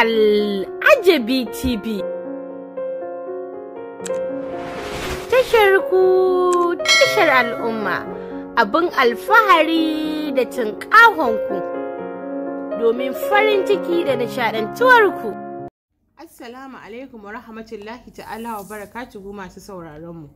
Al'ajabi TV. Tashar ku tashar al'umma abin alfahari da ku domin farin ciki da nishadantuwarku. Assalamu alaikum wa rahmatullahi ta'ala wa barakatuhu masu sauraronmu.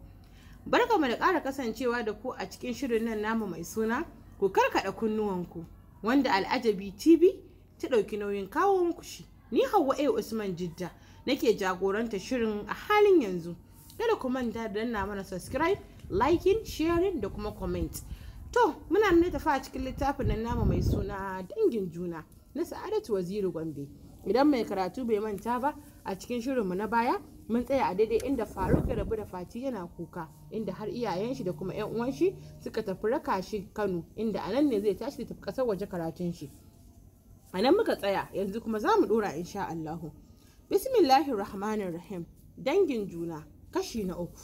Barkamu da ƙara kasancewa da ku a cikin shirin nan namu mai suna ku karkaɗa kunnuwanku wanda al'ajabi TV ta ɗauki nauyin kawo muku shi. Ni Hauwa A Usman Jidda nake jagoranta shirin a halin yanzu. Kada ku manta da danna mana subscribe, liking, sharing da kuma comment. To, muna nan tafi a cikin littafin nan namu mai suna dangin juna na Sa'adatu Waziri Gombe. Idan mai karatu bai manta ba a cikin shirin mu na baya mun tsaya a daidai inda Faruk ya rabu da Fati yana kuka inda har iyayen shi da kuma 'yan uwan shi suka tafi raka shi Kano inda anan ne zai tashi da tafi kasar waje karatun shi. a nan muka tsaya yanzu kuma za mu dora insha Allahu bismillahir rahmanir rahim dangin juna kashi na uku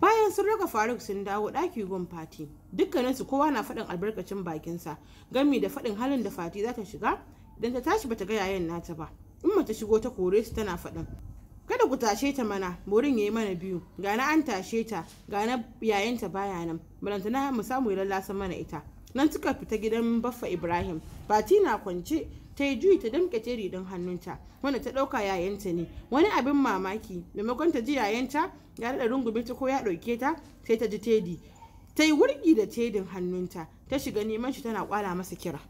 bayan sun raka faruk sun dawo ɗaki gun fati dukkaninsu kowa na faɗin albarkacin bakinsa gami da faɗin halin da fati za ta shiga idan ta tashi bata ga yayan nata ba in ta shigo ta kore su tana faɗin kada ku tashe ta mana borin yayi mana biyu ga na an tashe ta ga na yayanta baya nan balantana mu samu ya lallasa mana ita nan suka fita gidan baffa ibrahim fati na kwance ta yi juyi ta damke jeri ɗin hannunta wanda ta ɗauka yayanta ne wani abin mamaki maimakon ta ji yayanta ya daɗa rungume ta ko ya ɗauke ta sai ta ji tedi ta yi wurgi da tedin hannunta ta shiga neman shi tana kwala masa kira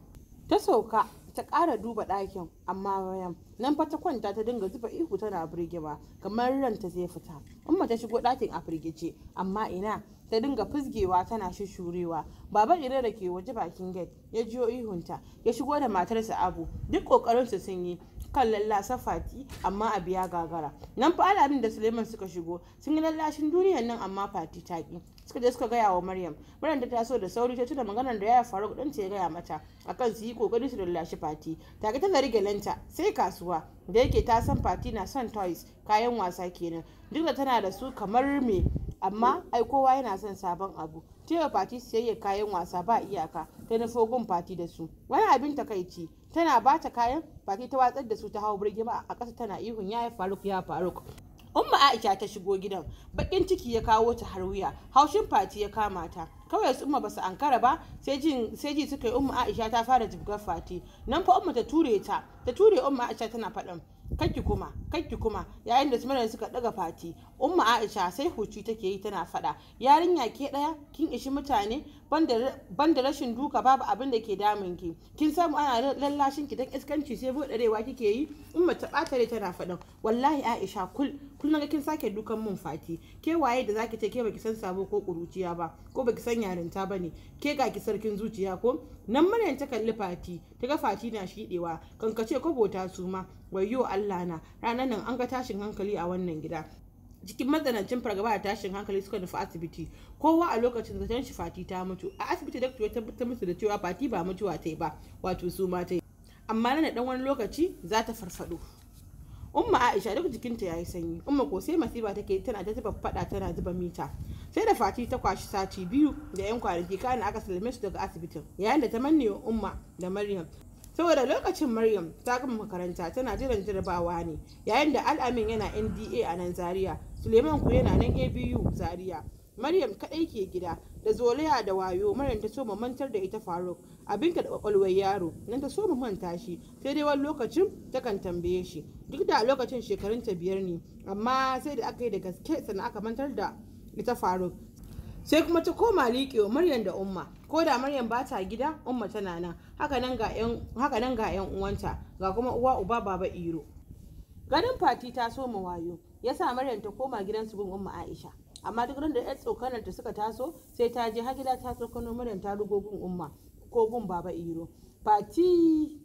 ta sauka ta ƙara duba ɗakin amma bayan nan fa ta kwanta ta dinga zuba ihu tana birgima kamar ranta zai fita umma ta shigo ɗakin a firgice amma ina ta dinga fusgewa tana shushurewa baba ire da ke waje bakin gate ya jiyo ihunta ya shigo da matarsa abu duk ƙoƙarinsu sun yi kan lallasa fati amma a biya gagara nan fa al'adun da suleiman suka shigo sun yi lallashin duniyar nan amma fati ta ki suka je suka gaya wa maryam maryam ta taso da sauri ta tuna maganar da ya faru ɗin ce ya gaya mata akan su yi kokari su lallashi fati ta ta tana rige lanta sai kasuwa da yake ta san fati na son toys kayan wasa kenan duk da tana da su kamar me amma ai kowa yana son sabon abu tewa fati siyayya kayan wasa ba iyaka ta nufo gun fati da su wani abin takaici tana bata kayan baki ta watsar da su ta hau birgima a ƙasa tana ihun ya faruk ya faruk umma aisha ta shigo gidan bakin ciki ya kawo ta har wuya haushin fati ya kama ta kawai su umma basu ankara ba sai ji suka yi umma aisha ta fara jibgar fati nan fa umma ta ture ta ta ture umma aisha tana faɗin kakki kuma kakki kuma yayin da sumaran suka daga fati umma aisha sai huci take yi tana faɗa yarinya ke ɗaya kin ishi mutane banda rashin duka babu abin da ke damun ki kin samu ana lallashin ki dan iskanci sai buɗarewa kike yi umma ta ɓata tana faɗan wallahi aisha kul kul naga kin sake dukan mun fati ke waye da zaki ta ke baki san sabo ko kuruciya ba ko baki san yarinta bane ke ga ki sarkin zuciya ko nan maryam ta kalli fati ta ga fati na shiɗewa kankace ko bota su ma wayo Allah na ranar nan an ga tashin hankali a wannan gida Jikin matsanancin fargaba da tashin hankali suka nufi asibiti kowa a lokacin zaton shi fati ta mutu a asibiti da ya tabbatar musu da cewa fati ba mutuwa ta yi ba wato su ma ta yi amma na dan wani lokaci za ta farfado umma aisha duk jikinta ya yi sanyi umma ko sai masifa take tana ta zuba fada tana zuba mita sai da fati ta kwashi sati biyu da yan kwanaki kana aka salame su daga asibitin yayin da ta manne umma da maryam saboda lokacin maryam ta gama makaranta tana jiran jarrabawa ne yayin da al'amin yana nda a nan zaria suleiman ku yana nan abu zaria maryam kaɗai ke gida da zolaya da wayo maryam ta so mu mantar da ita faruk abin ka da kwakwalwar yaro nan ta so mu manta shi sai dai wani lokacin takan tambaye shi duk da lokacin shekarun ta biyar ne amma sai da aka yi da gaske sannan aka mantar da ita faruk sai kuma ta koma liƙewa maryam da umma ko da maryam ba ta gida umma tana nan haka nan ga yan uwanta ga kuma uwa uba baba iro ganin fati ta soma wayo ya sa maryam ta koma gidan su gun umma aisha amma duk da yan tsokanar ta suka taso sai ta je har gida ta tsokano maryam ta rugo gun umma ko gun baba iro fati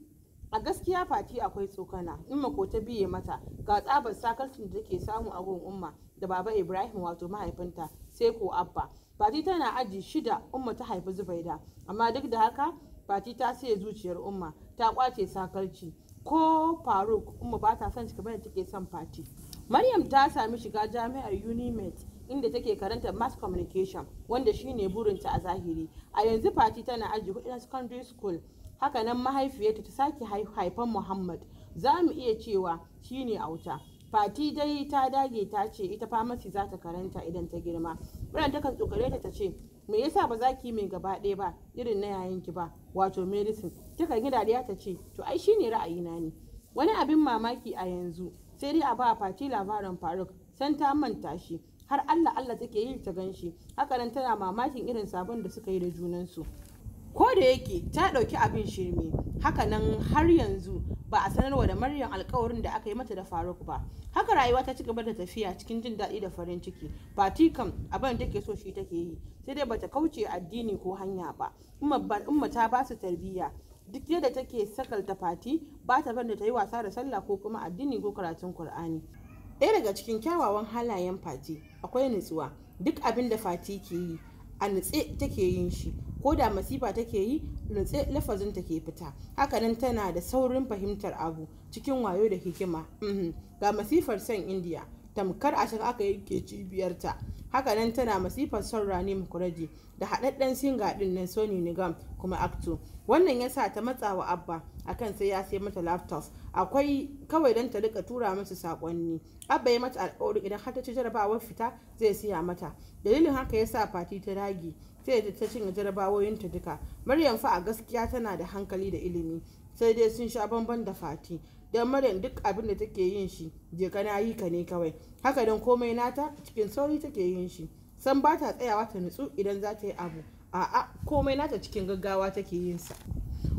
a gaskiya fati akwai tsokana in mako ta biye mata ga tsabar sakarcin da take samu a gun umma da baba ibrahim wato mahaifinta sai ko abba fati tana aji shida umma ta haifi zubaida amma duk da haka fati ta siya zuciyar umma ta kwace sakarci ko faruk umma ba ta son shi bayan take son fati maryam ta sami shiga jami'ar unimet inda take karanta mass communication wanda shine burinta a zahiri a yanzu fati tana aji hudu na secondary school haka hakanan mahaifiyarta ta sake haifan muhammad za mu iya cewa shine wuta. fati dai ta dage ta ce ita famasi za ta karanta idan ta girma wannan takan tsokare ta ta ce me yasa ba za ki mai gaba ɗaya ba irin na yayan ki ba wato medicine takan yi dariya ta ce to ai shine ra'ayina ne wani abin mamaki a yanzu sai dai a ba fati labarin faruk san ta manta shi har allah allah take yi ta ganshi?" Haka nan, tana mamakin irin sabon da suka yi da junansu ko da yake ta ɗauki abin shirme haka hakanan har yanzu ba a sanarwa da maryam alkawarin da aka yi mata da faruk ba haka rayuwa ta ci gaba da tafiya cikin jin daɗi da farin ciki fati kam abin da take so shi take yi sai dai bata kauce addini ko hanya ba umma ta ba su tarbiyya duk yadda take sakalta fati ba ta da ta yi wasa da sallah ko kuma addini ko karatun qur'ani ɗaya daga cikin kyawawan halayen fati akwai nutsuwa duk abin da fati ke yi a nutse take yin shi ko da masifa take yi nutse lafazin take fita hakanan tana da saurin fahimtar abu cikin wayo da hikima mhm. ga masifar san india tamkar a can aka yanke cibiyarta hakanan tana masifar son rani mukuraji da haɗaɗɗen singa ɗin nan sony nigam kuma acto wannan ya sa ta matsa wa abba akan sai ya sai mata laptop akwai kawai don ta rika tura musu sakonni abba ya mata alƙawari idan har ta ci jarabawar fita zai siya mata dalilin haka ya sa fati ta rage sai da ta cinye ta duka maryam fa a gaskiya tana da hankali da ilimi sai dai sun sha bamban da fati don maryam duk abin da take yin shi je kana yi ka ne kawai haka don komai nata cikin sauri take yin shi san ba ta tsayawa ta nutsu idan za ta yi abu a'a komai nata cikin gaggawa take yin sa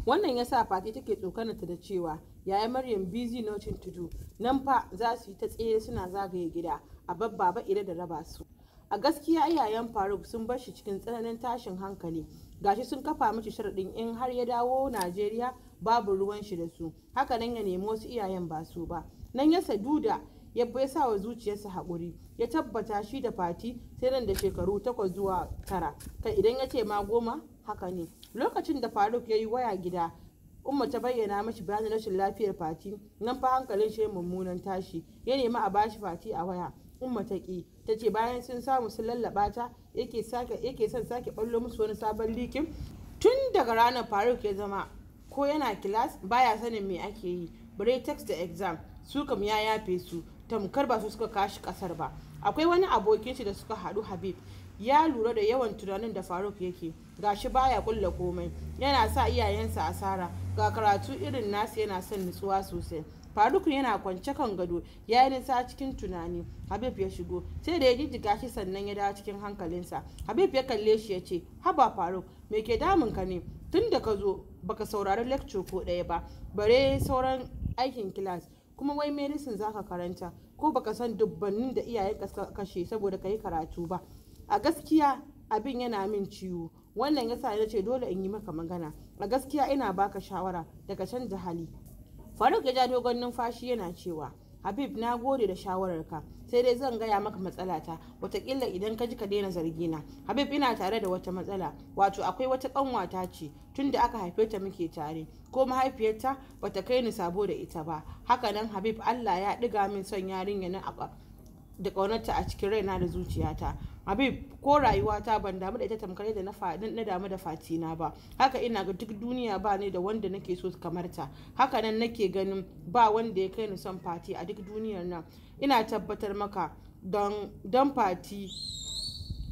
wannan sa fati take tsokanarta da cewa yaya maryam busy nothing to do nan fa za su yi ta tsere suna zagaye gida a babba ba ire da raba su a gaskiya iyayen faruk sun bar shi cikin tsananin tashin hankali gashi sun kafa mishi sharaɗin in har ya dawo najeriya babu ruwan shi da su haka nan ya nemi wasu iyayen ba su ba nan ya saduda ya bai sa wa zuciyarsa haƙuri ya tabbata shi da fati sai nan da shekaru takwas zuwa tara kai idan ya ce ma goma haka ne lokacin da faruk ya yi waya gida umma ta bayyana mashi bayanin rashin lafiyar fati nan fa hankalin shi mummunan tashi ya nemi a bashi fati a waya umma ta ki ta ce bayan sun samu sun lallaba ta yake sake yake son sake ballo musu wani sabon likin tun daga ranar faruk ya zama ko yana kilas baya sanin me ake yi bare text da exam su kam ya yafe su tamkar ba su suka kashi kasar ba akwai wani abokin shi da suka haɗu habib ya lura da yawan tunanin da faruk yake shi baya kulla komai yana sa iyayensa asara ga karatu irin nasu yana son nutsuwa sosai faruk yana kwance kan gado ya yi nisa cikin tunani habib ya shigo sai da ya jijjiga shi sannan ya dawo cikin hankalinsa habib ya kalle shi ya ce haba faruk me ke damun ka ne tun da ka zo baka saurari lecture ko ɗaya ba bare sauran aikin kilas kuma wai medicine zaka karanta ko baka san dubbannin da iyayen kashe saboda ka yi karatu ba a gaskiya abin yana min ciwo wannan yasa na ce dole in yi maka magana a gaskiya ina baka shawara daga canza hali faruk ya ja dogon numfashi yana cewa habib na gode da shawararka sai dai zan gaya maka matsalata watakila idan ka ji ka daina na habib ina tare da wata matsala wato akwai wata kanwata ce tunda aka haife ta muke tare ko mahaifiyarta bata kai ni sabo da ita ba hakanan habib allah ya ɗiga min son yarinya na da ƙaunarta a cikin raina da zuciyata habib ko rayuwata ban damu da ita tamkar da na damu da fatina ba haka ina ga duk duniya ba ne da wanda nake so kamar ta haka nan nake ganin ba wanda ya kai ni son fati a duk duniyar nan ina tabbatar maka don don fati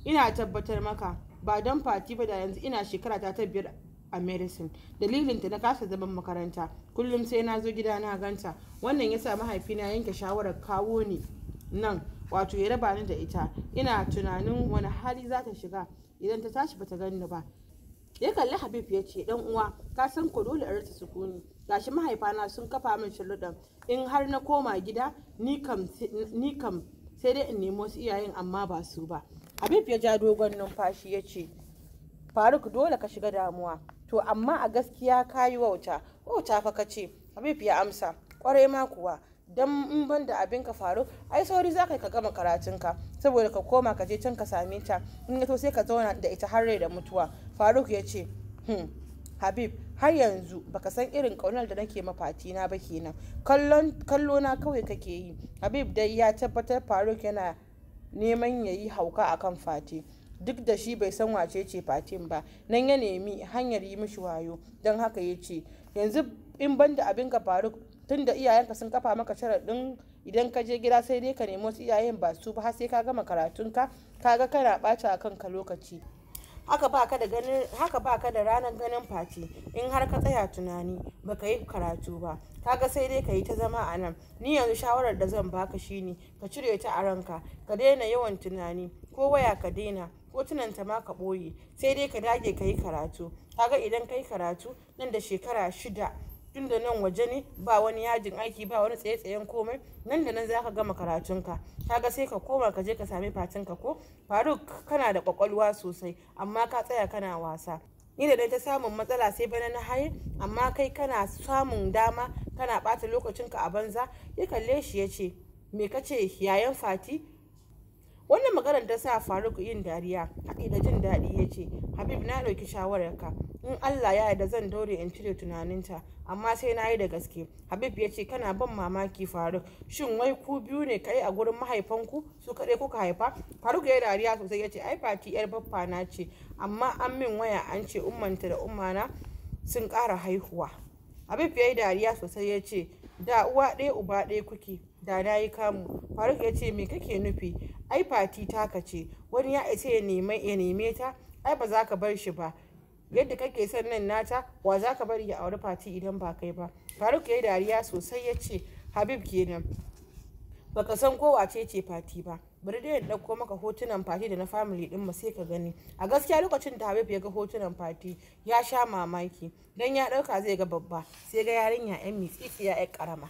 ina tabbatar maka ba don fati ba da yanzu ina shekara ta ta biyar a medicine ta na kasa zaman makaranta kullum sai na zo gida na ganta wannan yasa mahaifina yanke shawarar kawo ni nan wato ya raba ni da ita ina tunanin wani hali za ta shiga idan ta tashi bata ganni ba ya kalli habib ya ce dan uwa ka san ko dole in rasa sukuni gashi mahaifana sun kafa min shirudan in har na koma gida ni kam sai dai in nemo su iyayen amma ba su ba habib ya ja dogon numfashi ya ce faruk dole ka shiga damuwa to amma a gaskiya ka yi wauta wauta fa ka ce habib ya amsa kwarai ma kuwa dan in ban da abin ka faru ai sauri za ka gama karatun ka. saboda ka koma ka je can ka same ta in ya to sai ka zauna da ita har da mutuwa faruk ya ce hmm, habib har yanzu baka san irin kaunar da nake mafatina ba kenan kallo na kawai kake yi habib dai ya tabbatar faruk yana neman ya yi hauka akan fati duk da shi bai san wace ce fatin ba nan ya nemi hanyar yi mishi wayo don haka ya ce yanzu in ban da abin ka faruk tun tunda iyayenka sun kafa maka sharaɗin idan ka je gida sai dai ka nemi wasu iyayen ba su ba har sai ka gama karatun ka ga kana ɓaci a kanka lokaci haka baka da da ranar ganin face in har ka tsaya tunani ba ka yi karatu ba kaga sai dai ka yi ta zama a nan ni yanzu shawarar da zan baka shine ka cire ta a ranka ka daina yawan tunani ko waya ka daina ko tunanta ma ka ɓoye sai dai ka dage ka yi karatu kaga idan ka yi karatu nan da shekara shida da nan waje ne ba wani yajin aiki ba wani tsaye-tsayen komai nan da nan za ka gama karatunka ga sai ka koma ka je ka sami fatinka ko faruk kana da kwakwalwa sosai amma ka tsaya kana wasa ni da dai ta samun matsala sai bana na haye amma kai kana samun dama kana ɓata lokacinka a banza ya kalle shi ya ce me kace yayan fati wannan maganar ta sa faruk yin dariya haɗi da jin daɗi ya ce habib na ɗauki shawarar ka in allah ya yarda zan daure in cire tunaninta amma sai na yi da gaske habib ya ce kana ban mamaki faruk shin wai ku biyu ne kai a gurin mahaifanku su kaɗai kuka haifa faruk ya yi dariya sosai ya ce ai fati yar baffa na ce amma an min waya an ce ummanta da ummana sun ƙara haihuwa habib ya yi dariya sosai ya ce da uwa ɗaya uba ɗaya kuke da na yi kamu faruk ya ce me kake nufi ai fati taka ce wani ya ce ya neme ta ai ba za ka bar shi ba yadda kake son nan nata wa za ka bari ya auri fati idan ba kai ba faruk ya yi dariya sosai ya ce habib kenan baka san kowace wace ce fati ba bari dai in ɗauko maka hotunan fati da na family ɗin mu sai ka gani a gaskiya lokacin da habib ya ga hotunan fati ya sha mamaki dan ya ɗauka zai ga babba sai ga yarinya yan mitsitsi ya yar karama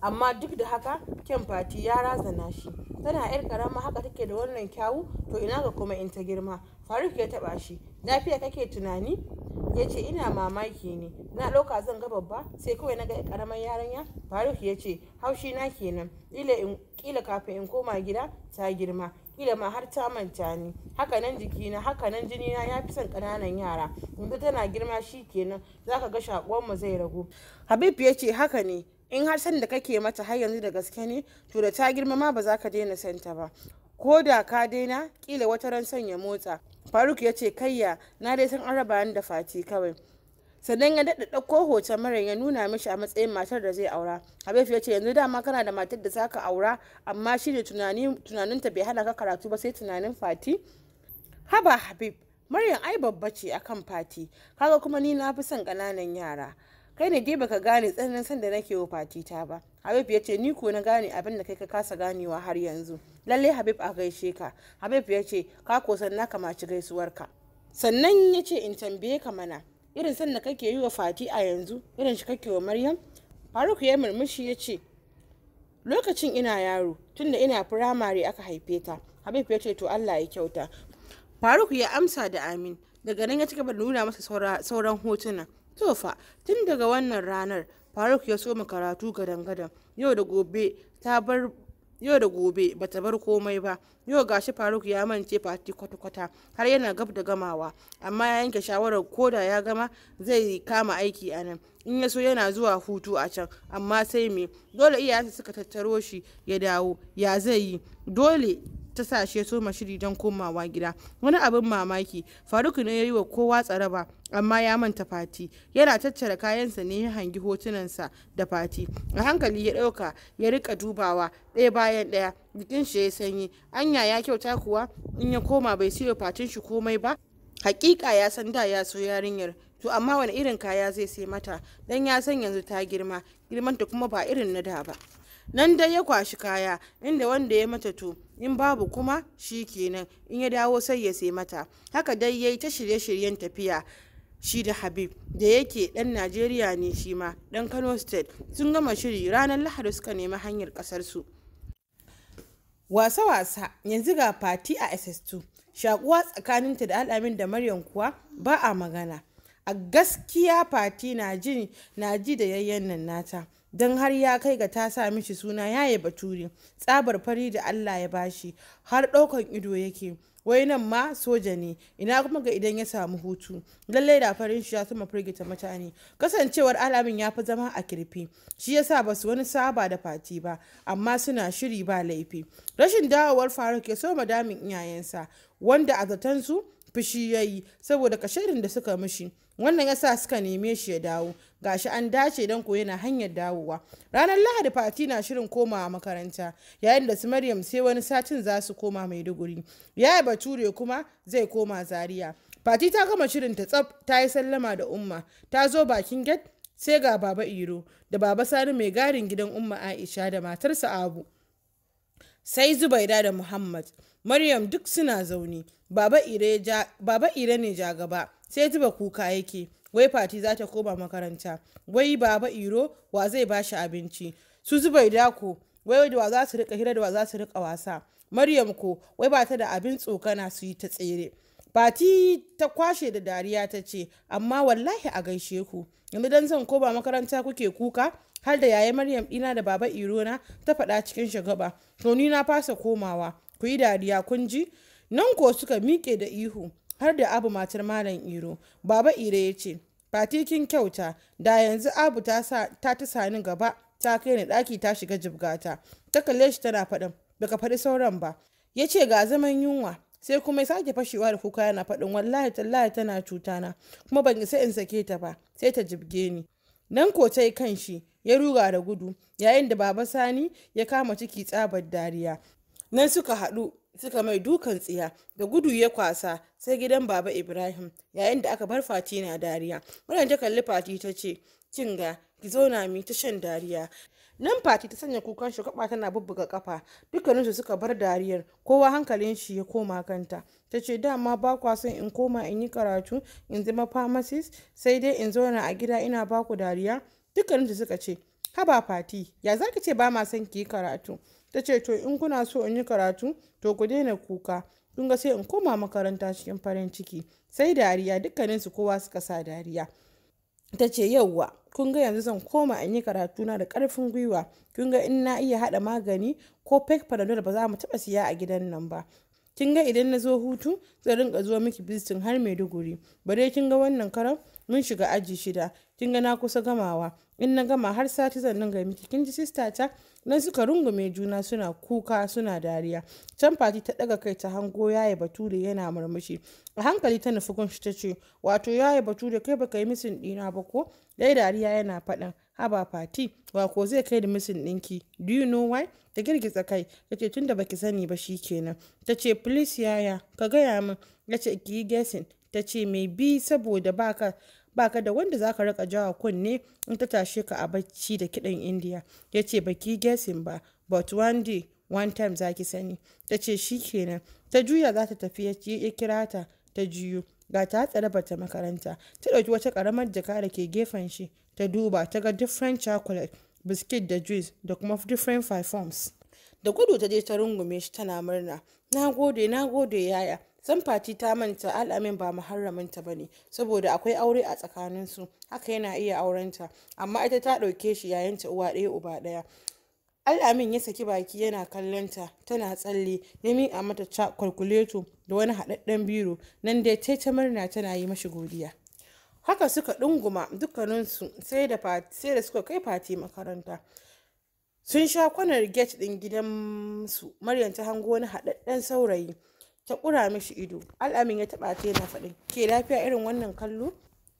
amma duk da haka kyan fati ya razana shi tana yar karama haka take da wannan kyawu to ina ga kuma in ta girma faruk ya taba shi lafiya kake tunani ya ce ina mamaki ne na ɗauka zan ga babba sai kawai na ga karamar yaranya faruk ya ce haushi na kenan kila kafin in koma gida ta girma kila ma har ta manta ni haka nan jiki na haka nan jinina ya fi son ƙananan yara yanzu tana girma shi kenan zaka ga shakuwan mu zai ragu habib ya ce haka ne in har san da kake mata har yanzu da gaske ne to da ta girma ma ba za ka daina santa ba ko da ka daina kila wata ran sanya motsa faruk ya ce kayya na dai san araba raba da fati kawai sannan ya daɗa ɗauko hoton mara ya nuna mishi a matsayin matar da zai aura habib ya ce yanzu dama kana da matar da zaka aura amma shi ne tunaninta bai hana ka karatu ba sai tunanin fati haba habib maryam ai babba ce akan fati kaga kuma ni na fi son ƙananan yara kai ne dai baka gane tsananin san da nake wa fati ta ba habib ya ce ni ko na gane abin da kai ka kasa ganewa har yanzu lallai habib a gaishe ka habib ya ce ka kosan na kamaci gaisuwarka sannan ya ce in tambaye ka mana irin san da kake yi wa fati a yanzu irin shi kake wa maryam faruk ya murmushi ya ce lokacin ina yaro tunda ina firamare aka haife ta habib ya ce to allah ya kyauta faruk ya amsa da amin daga nan ya ci da nuna masa sauran hotuna to fa tun daga wannan ranar faruk ya soma karatu gadan-gadan yau da gobe ta bata bar komai ba yau gashi faruk ya mance fati kwata-kwata har yana gab da gamawa amma ya yanke shawarar ko da ya gama zai kama aiki a nan in ya so yana zuwa hutu a can amma sai me dole iyayensa suka tattaro shi ya dawo ya zai yi dole ta sa shi ya soma shiri don komawa gida wani abin mamaki faruk ne ya yi wa kowa tsaraba amma ya manta fati yana tattara kayansa ne ya hangi hotunansa da fati a hankali ya ɗauka ya rika dubawa ɗaya bayan ɗaya jikin shi ya sanyi anya ya kyauta kuwa in ya koma bai siyo fatin shi komai ba hakika ya san da ya so yarinyar to amma wani irin kaya zai sai mata dan ya san yanzu ta girma girman girmanta kuma ba irin na da ba nan dai ya kwashi kaya inda wanda ya mata to in babu kuma shi kenan in ya dawo sai ya sai mata haka dai ya yi ta shirye-shiryen tafiya shi da habib da yake dan najeriya ne shi ma dan kano state sun gama shiri ranar lahadi suka nemi hanyar kasarsu wasa-wasa yanzu ga fati a ss2 shakuwa tsakaninta da al'amin da maryam kuwa ba a magana a gaskiya fati na ji da yayyan nan nata don har ya kai ga ta sa mishi suna yaye bature tsabar fari da allah ya bashi har ɗaukan ido yake wai nan ma soja ne ina kuma ga idan ya samu hutu lallai da farin shi ya sama firgita mutane kasancewar alamin ya fi zama a kirfi shi yasa ba su wani saba da fati ba amma suna shiri ba laifi rashin dawowar faruk ya so madamin iyayensa wanda a zatansu fushi ya yi saboda kashirin da suka mishi wannan ya sa suka neme shi ya dawo gashi an dace dan ko yana hanyar dawowa ranar lahadi fati na shirin komawa makaranta yayin da su maryam sai wani satin za su koma maiduguri yaya bature kuma zai koma zaria fati ta gama shirin ta tsab ta yi sallama da umma ta zo bakin get sai ga baba iro da baba sani mai garin gidan umma aisha da matarsa abu sai zubaida da muhammad maryam duk suna zaune baba ire ne ja gaba sai zuba kuka yake wai fati za ta koma makaranta wai baba iro wa zai ba shi abinci su zubai dako wai da wa za su rika hira da wa za su rika wasa maryam ko wai ba ta da abin tsokana su yi ta tsere fati ta kwashe da dariya ta ce amma wallahi a gaishe ku yanzu dan zan koma makaranta kuke kuka har da yaya maryam ɗina da baba iro na ta faɗa cikin shagaba to ni na fasa komawa ku yi dariya kun ji nan ko suka miƙe da ihu har da abu matar malam iro baba ire ya ce fatikin kyauta da yanzu abu ta ta sani gaba ta kai ni ɗaki ta shiga jibgata ta kalle shi tana faɗin baka faɗi sauran ba ya ce ga zaman yunwa sai kuma ya sake fashewa da kuka yana faɗin wallahi tallahi tana na kuma ban isa in sake ta ba sai ta jibge ni nan ko ta yi kan shi ya ruga da gudu yayin da baba sani ya kama ciki tsabar dariya nan suka haɗu suka mai dukan tsiya da gudu ya kwasa sai gidan baba ibrahim yayin da aka bar fati na dariya wannan ta kalli fati ta ce kinga ki zo na mi ta shan dariya nan fati ta sanya kukan shugaba tana bubbuga kafa dukkaninsu suka bar dariyar kowa hankalin shi ya koma kanta ta ce dama ba kwa son in koma in yi karatu in zama pharmacist sai dai in zauna a gida ina baku dariya dukkaninsu suka ce haba fati ya zaki ce ba ma son ki karatu ta ce to in kuna so in yi karatu to ku daina kuka kun ga sai in koma makaranta cikin farin ciki sai dariya dukkaninsu kowa suka sa dariya ta ce yauwa kun ga yanzu zan koma in yi karatu na da karfin gwiwa kun ga in na iya haɗa magani ko fake panadol ba za mu taɓa siya a gidan nan ba kin ga idan na zo hutu zan rinka zuwa miki bizitin har maiduguri bare kin ga wannan karam mun shiga aji shida kin ga na kusa gamawa in na gama har sati zan ga miki kin ji sista ta nan suka rungume juna suna kuka suna dariya can fati ta daga kai ta hango yaya bature yana murmushi a hankali ta nufi gunshi ta ce wato yaya bature kai baka yi misin dina ba ko dai dariya yana faɗan haba fati wa ko zai kai da misin ɗinki do you know why ta girgiza kai ta ce tunda baki sani ba shikenan ta ce please yaya ka gaya min ya ce ki yi ta ce mai bi saboda baka baka da wanda zaka raka jawa kunne in ta tashe ka a bacci da kiɗan indiya ya ce baki guessing ba but one day one time zaki sani ta ce kenan ta juya za ta tafi ya kira ta ta juyo ga ta tsare bata makaranta ta ɗauki wata karamar jaka da ke gefen shi ta duba ta ga different chocolate biscuit da juice da kuma different five forms da gudu ta je ta rungume shi tana murna na gode na gode yaya san fati ta manta al'amin ba muharraminta ba ne saboda akwai aure a tsakaninsu haka yana iya aurenta amma ita ta ɗauke shi yayin ta uwa ɗaya uba ɗaya al'amin ya saki baki yana kallonta tana tsalle ya miƙa mata kwalkuleto da wani haɗaɗɗen biro nan dai ta ta murna tana yi mashi godiya haka suka ɗunguma dukkaninsu sai da suka kai fati makaranta sun sha kwanar gate ɗin gidansu maryam ta hango wani haɗaɗɗen saurayi ta ƙura mishi ido al'amin ya taɓa ta yana faɗin ke lafiya irin wannan kallo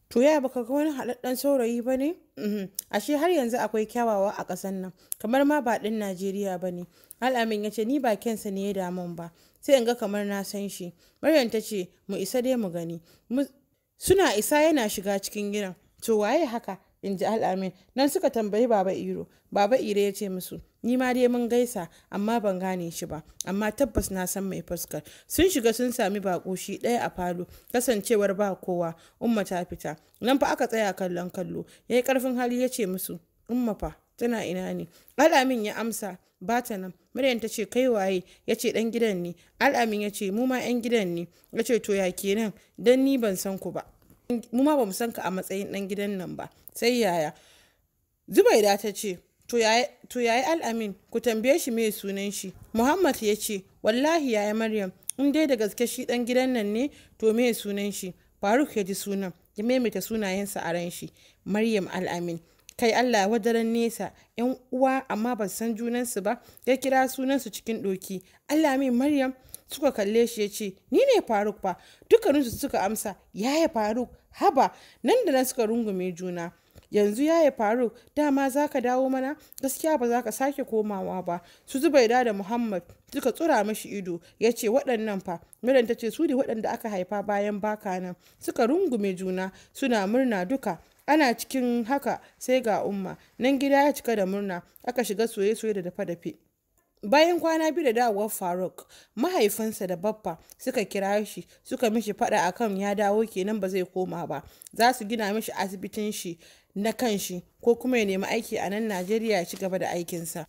to ya baka ga wani haɗaɗɗen saurayi ba ne mm-hmm. ashe har yanzu akwai kyawawa a ƙasan nan kamar ma ba ɗin najeriya ba ne al'amin ya ce ni ba kensa ne ya damun ba sai in ga kamar na san shi maryam ta ce mu isa dai mu gani suna isa yana shiga cikin gidan to waye haka in ji al'amin nan suka tambayi baba iro baba ire ya ce musu ni ma dai mun gaisa amma ban gane shi ba amma tabbas na san mai fuskar sun shiga sun sami bako shi ɗaya a falo kasancewar ba kowa umma ta fita nan fa aka tsaya kallon kallo yayi karfin hali ya ce musu umma fa tana ina ne al'amin ya amsa bata nan maryam ta ce kai waye ya ce dan gidan ne al'amin ya ce mu ma yan gidan ne ya ce to ya kenan dan ni ban san ku ba mu ma bamu san ka a matsayin dan gidan nan ba sai yaya zubaida ta ce to yayi al'amin ku tambaye shi me sunan shi muhammad ya ce wallahi yaya maryam in dai da gaske shi dan gidan nan ne to me sunan shi faruk ya ji sunan ya maimaita sunayensa a ran shi maryam al'amin kai allah wadaran nesa yan uwa amma ban san junansu ba ya kira sunansu cikin doki al'amin maryam suka kalle shi ya ce ni ne faruk ba dukkaninsu suka amsa yaya faruk haba nan da nan suka rungume juna yanzu yaya faruk dama za ka dawo mana gaskiya ba za ka sake komawa ba su zubaida da muhammad suka tsura mashi ido ya ce waɗannan fa ta ce su ne waɗanda aka haifa bayan baka nan suka rungume juna suna murna duka ana cikin haka sai ga umma nan gida ya cika da murna aka shiga soye-soye da dafe-dafe bayan kwana biyu da dawowar faruk mahaifinsa da baffa suka kira shi suka mishi fada akan ya dawo kenan ba zai koma ba za su gina mishi asibitin shi na kanshi ko kuma ya nemi aiki a nan najeriya ya ci gaba da aikinsa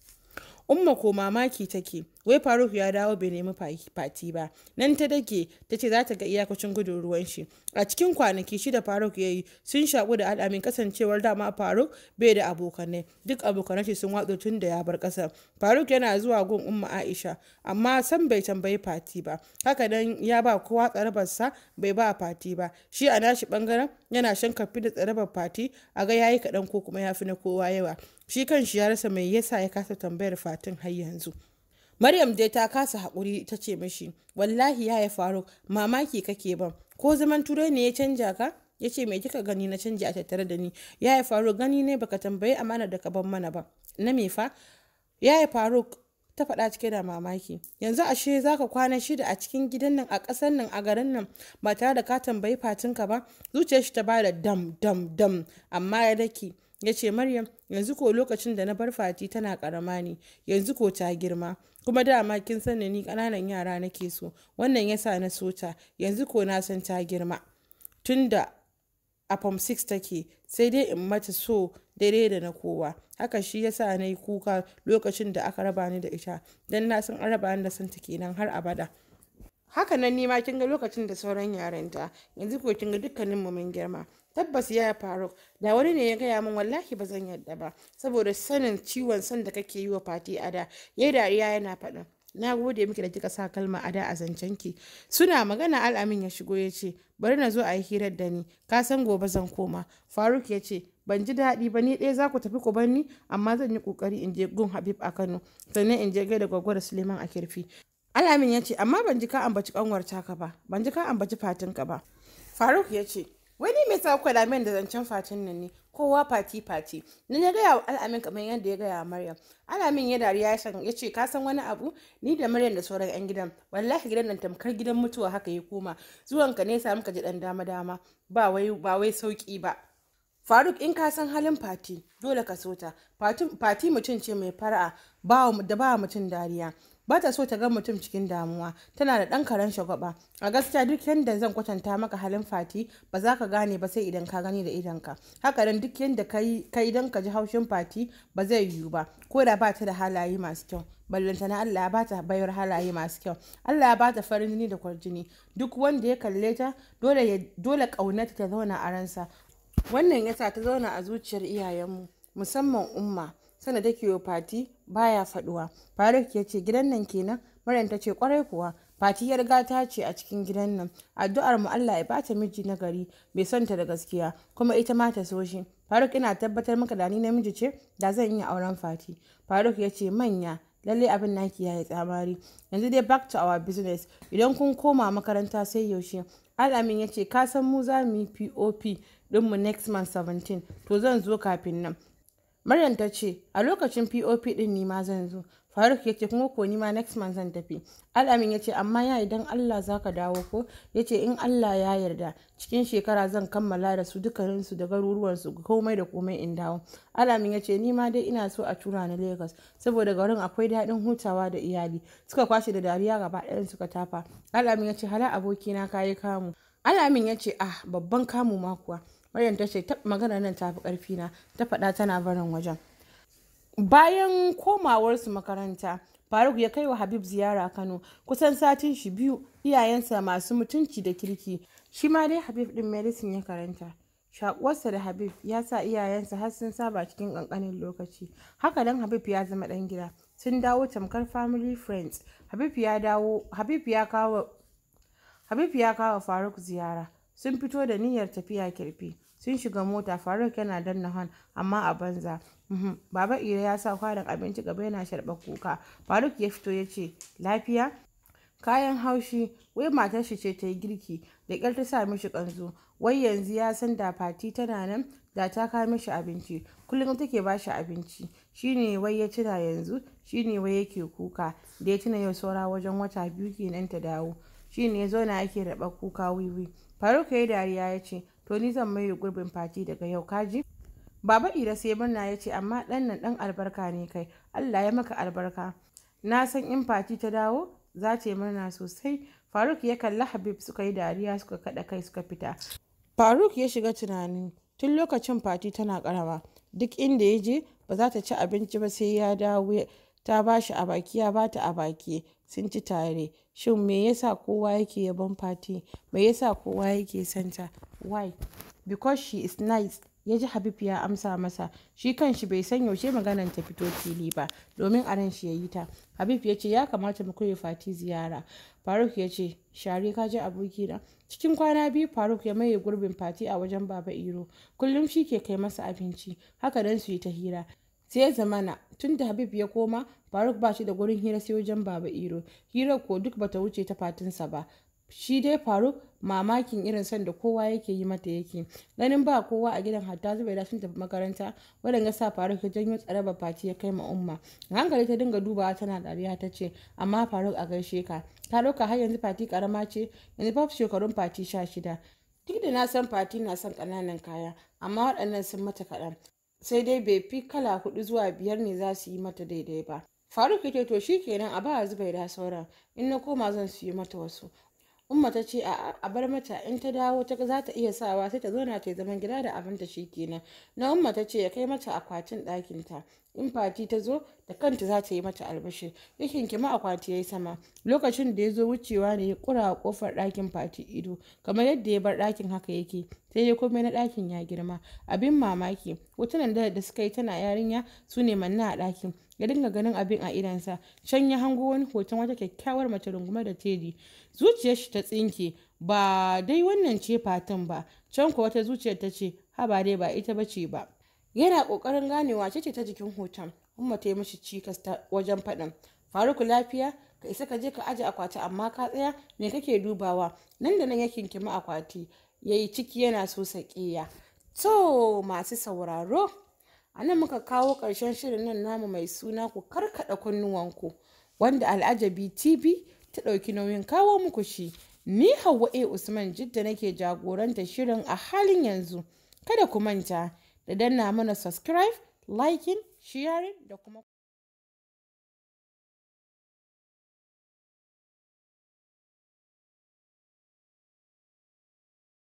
umma ko mamaki take wai faruk ya dawo bai nemi fati ba nan ta dake ta ce za ta ga iyakacin gudun ruwan shi a cikin kwanaki shida faruk ya yi sun shaƙu da al'amin kasancewar dama faruk bai da abokanai duk abokanai shi sun watsa tun da ya bar ƙasa faruk yana zuwa gun umma aisha amma san bai tambayi fati ba haka nan ya ba kowa tsarabarsa bai ba fati ba shi a nashi ɓangaren yana shan kafin da tsarabar fati a ga yayi kaɗan ko kuma ya fi na kowa yawa shi kan shi ya rasa mai yasa ya kasa tambayar fatin har yanzu maryam dai ta kasa haƙuri ta ce mishi wallahi ya yi faru mamaki kake ba ko zaman turai ne ya canja ka ya ce mai kika gani na canji a tattare da ni ya yi faru gani ne baka tambayi amana da ka ban mana ba na me fa ya yi faru ta faɗa cike da mamaki yanzu ashe za ka kwana shida a cikin gidan nan a ƙasar nan a garin nan ba tare da ka tambayi fatinka ba zuciyar shi ta ba da dam dam dam amma ya daki. ya ce maryam yanzu ko lokacin da na bar fati tana karama ne yanzu ko ta girma kuma dama kin sanini ni kananan yara nake so wannan yasa na so ta yanzu ko na san ta girma tunda a form 6 take sai dai in mata so daidai da na kowa haka shi yasa na yi kuka lokacin da aka raba ni da ita don na san an raba ni da santa kenan har abada haka nan nima kin ga lokacin da sauran ta yanzu ko kin ga dukkanin mu mun girma tabbas ya faru da wani ne ya gaya min wallahi ba zan yadda ba saboda sanin ciwon san da kake yi wa fati ada yayi dariya yana faɗin na gode miki da kika sa kalma ada a zancen ki suna magana al'amin ya shigo ya ce bari na zo a yi hirar da ni ka san gobe zan koma faruk ya ce ban ji daɗi ba ni ɗaya za ku tafi ku bar ni amma zan yi ƙoƙari in je gun habib a kano sannan in je da gwagwar suleiman a kirfi Alamin ya ce, amma ban ji ka ambaci kanwar taka ba, ban ji ka ambaci fatinka ba. Faruk ya ce, wani mai sa kuka lamin da zancen fatin nan ne, kowa fati fati. Nan ya gaya wa Alamin kamar yadda ya gaya Maryam. Alamin ya dariya ya ce, ka san wani abu? Ni da Maryam da sauran 'yan gidan, wallahi gidan nan tamkar gidan mutuwa haka ya koma. zuwan ka ne sa muka ji dan dama dama, ba wai sauki ba. Faruk in ka san halin fati, dole ka sota Fati mutum ce mai fara'a, da ba mutum dariya. ba ta so ta ga mutum cikin damuwa tana da ɗan karen shagwaba a gaskiya duk yadda zan kwatanta maka halin fati ba za ka gane ba sai idan ka gani da idanka haka nan duk yadda ka idan ka ji haushin fati ba zai yiwu ba ko da ba ta da halaye masu kyau ballantana Allah ya bata bayar halaye masu kyau Allah ya bata farin jini da kwarjini duk wanda ya kalle ta dole dole kaunata ta zauna a ransa wannan yasa ta zauna a zuciyar iyayenmu musamman umma sanda take wa fati baya faduwa faruk ya ce gidan nan kenan maryam ta ce kwarai kuwa fati ya riga ce a cikin gidan nan addu'ar mu Allah ya bata miji na gari mai son ta da gaskiya kuma ita ma ta so shi faruk ina tabbatar maka da ni namiji ce da zan iya auren fati faruk ya ce manya lallai abin naki ya yi tsamari yanzu dai back to our business idan kun koma makaranta sai yaushe alamin ya ce ka san mu za mu yi pop dinmu next month 17 to zan zo kafin nan Maryam ta ce, a lokacin POP ɗin ni ma zan zo. Faruk ya ce kuma ko ni ma next man zan tafi. Al'amin ya ce amma ya idan Allah za ka dawo ko? Ya ce in Allah ya yarda cikin shekara zan kammala da su dukkaninsu da garuruwansu komai da komai in dawo. Al'amin ya ce ni ma dai ina so a tura ni Lagos saboda garin akwai daɗin hutawa da iyali. Suka kwashe da dariya gaba ɗayan suka tafa. Al'amin ya ce hala abokina kayi kamu. Al'amin ya ce ah babban kamu makuwa. kuwa. wajen ta ce magana nan ta fi ƙarfi na ta faɗa tana barin wajen bayan komawarsu makaranta faruk ya kai wa habib ziyara kano kusan satin shi biyu iyayensa masu mutunci da kirki shi ma dai habib din medicine ya karanta shakuwarsa da habib ya sa iyayensa har sun saba cikin kankanin lokaci haka dan habib ya zama dan gida sun dawo tamkar family friends habib ya dawo habib ya kawo habib ya kawo faruk ziyara sun fito da niyyar tafiya kirfi sun shiga mota faruk yana danna hon amma a banza uhm, baba ira ya sa kwanan abinci gaba yana sharɓa kuka faruk ya fito ya ce lafiya kayan haushi wai matar shi ce ta yi girki da ƙyar ta sa mishi kanzo wai yanzu ya san da fati tana nan da ta kawo mishi abinci kullum take ba shi abinci shine wai ya tuna yanzu shine wai yake kuka da ya tuna yau saura wajen wata biyu kenan ta dawo shine ya zo na ake raɓa kuka wiwi faruk ya yi dariya ya ce to ni zan maye gurbin fati daga yau kaji baba ira sai murna ya ce amma dan nan dan albarka ne kai allah ya maka albarka na san in fati ta dawo za ta yi murna sosai faruk ya kalli habib suka yi dariya suka kada kai suka fita faruk ya shiga tunani tun lokacin fati tana karama duk inda ya je ba za ta ci abinci ba sai ya dawo ta ba shi a baki ya ba ta a baki sun ci tare shin me yasa kowa yake yabon fati me yasa kowa yake santa why because she is nice ya ji habib ya amsa masa shi kan shi bai san yaushe maganan ta fito fili ba domin a ran shi ya yi ta habib ya ce ya kamata mu kai fati ziyara faruk ya ce share ka ji aboki na cikin kwana biyu faruk ya maye gurbin fati a wajen baba iro kullum shi ke kai masa abinci haka don su yi ta hira sai ya zamana tun da habib ya koma faruk ba shi da gurin hira sai wajen baba iro hira ko duk bata wuce ta fatinsa ba shi dai faruk mamakin irin son da kowa yake yi mata yake ganin ba kowa a gidan hatta zubaida sun tafi makaranta waɗanda sa faruk ya janyo tsaraba fati ya kai ma umma hankali ta dinga dubawa tana dariya ta ce amma faruk a gaishe ka ta ɗauka har yanzu fati karama ce yanzu fa shekarun fati sha shida duk da na san fati na son kananan kaya amma waɗannan sun mata kaɗan sai dai bai fi kala hudu zuwa biyar ne za su yi mata daidai ba faruk ya to shi kenan a ba da sauran in na koma zan siyo mata wasu umma ta ce a bar mata in ta dawo ta za ta iya sawa sai ta zauna ta zaman gida da abinta kenan na umma ta ce ya kai mata akwatin ɗakin ta in fati ta zo da kanta za ta yi mata albashi yakin ma akwati ya sama lokacin da ya zo wucewa ne ya kura kofar ɗakin fati ido kamar yadda ya bar ɗakin haka yake sai dai komai na ɗakin ya girma abin mamaki hotunan da suka yi tana yarinya su ne manna a ɗakin ya dinga ganin abin a idansa can ya hango wani hoton wata kyakkyawar mace runguma da teri zuciyar shi ta tsinke ba dai wannan ce fatan ba can kuwa wata zuciyar ta ce haba dai ba ita bace ba yana kokarin ganewa ce ce ta jikin hoton umma ta yi mishi cikas ta wajen faɗin faruku lafiya ka isa ka je ka aje akwati amma ka tsaya me kake dubawa nan da nan ya kinkimi akwati yayi ciki yana so sakiya to masu sauraro a nan muka kawo ƙarshen shirin nan namu mai suna ku karkada kunnuwanku wanda al'ajabi tv ta ɗauki nauyin kawo muku shi ni hawa a usman jidda nake jagoranta shirin a halin yanzu kada ku manta da danna mana subscribe liking sharing da kuma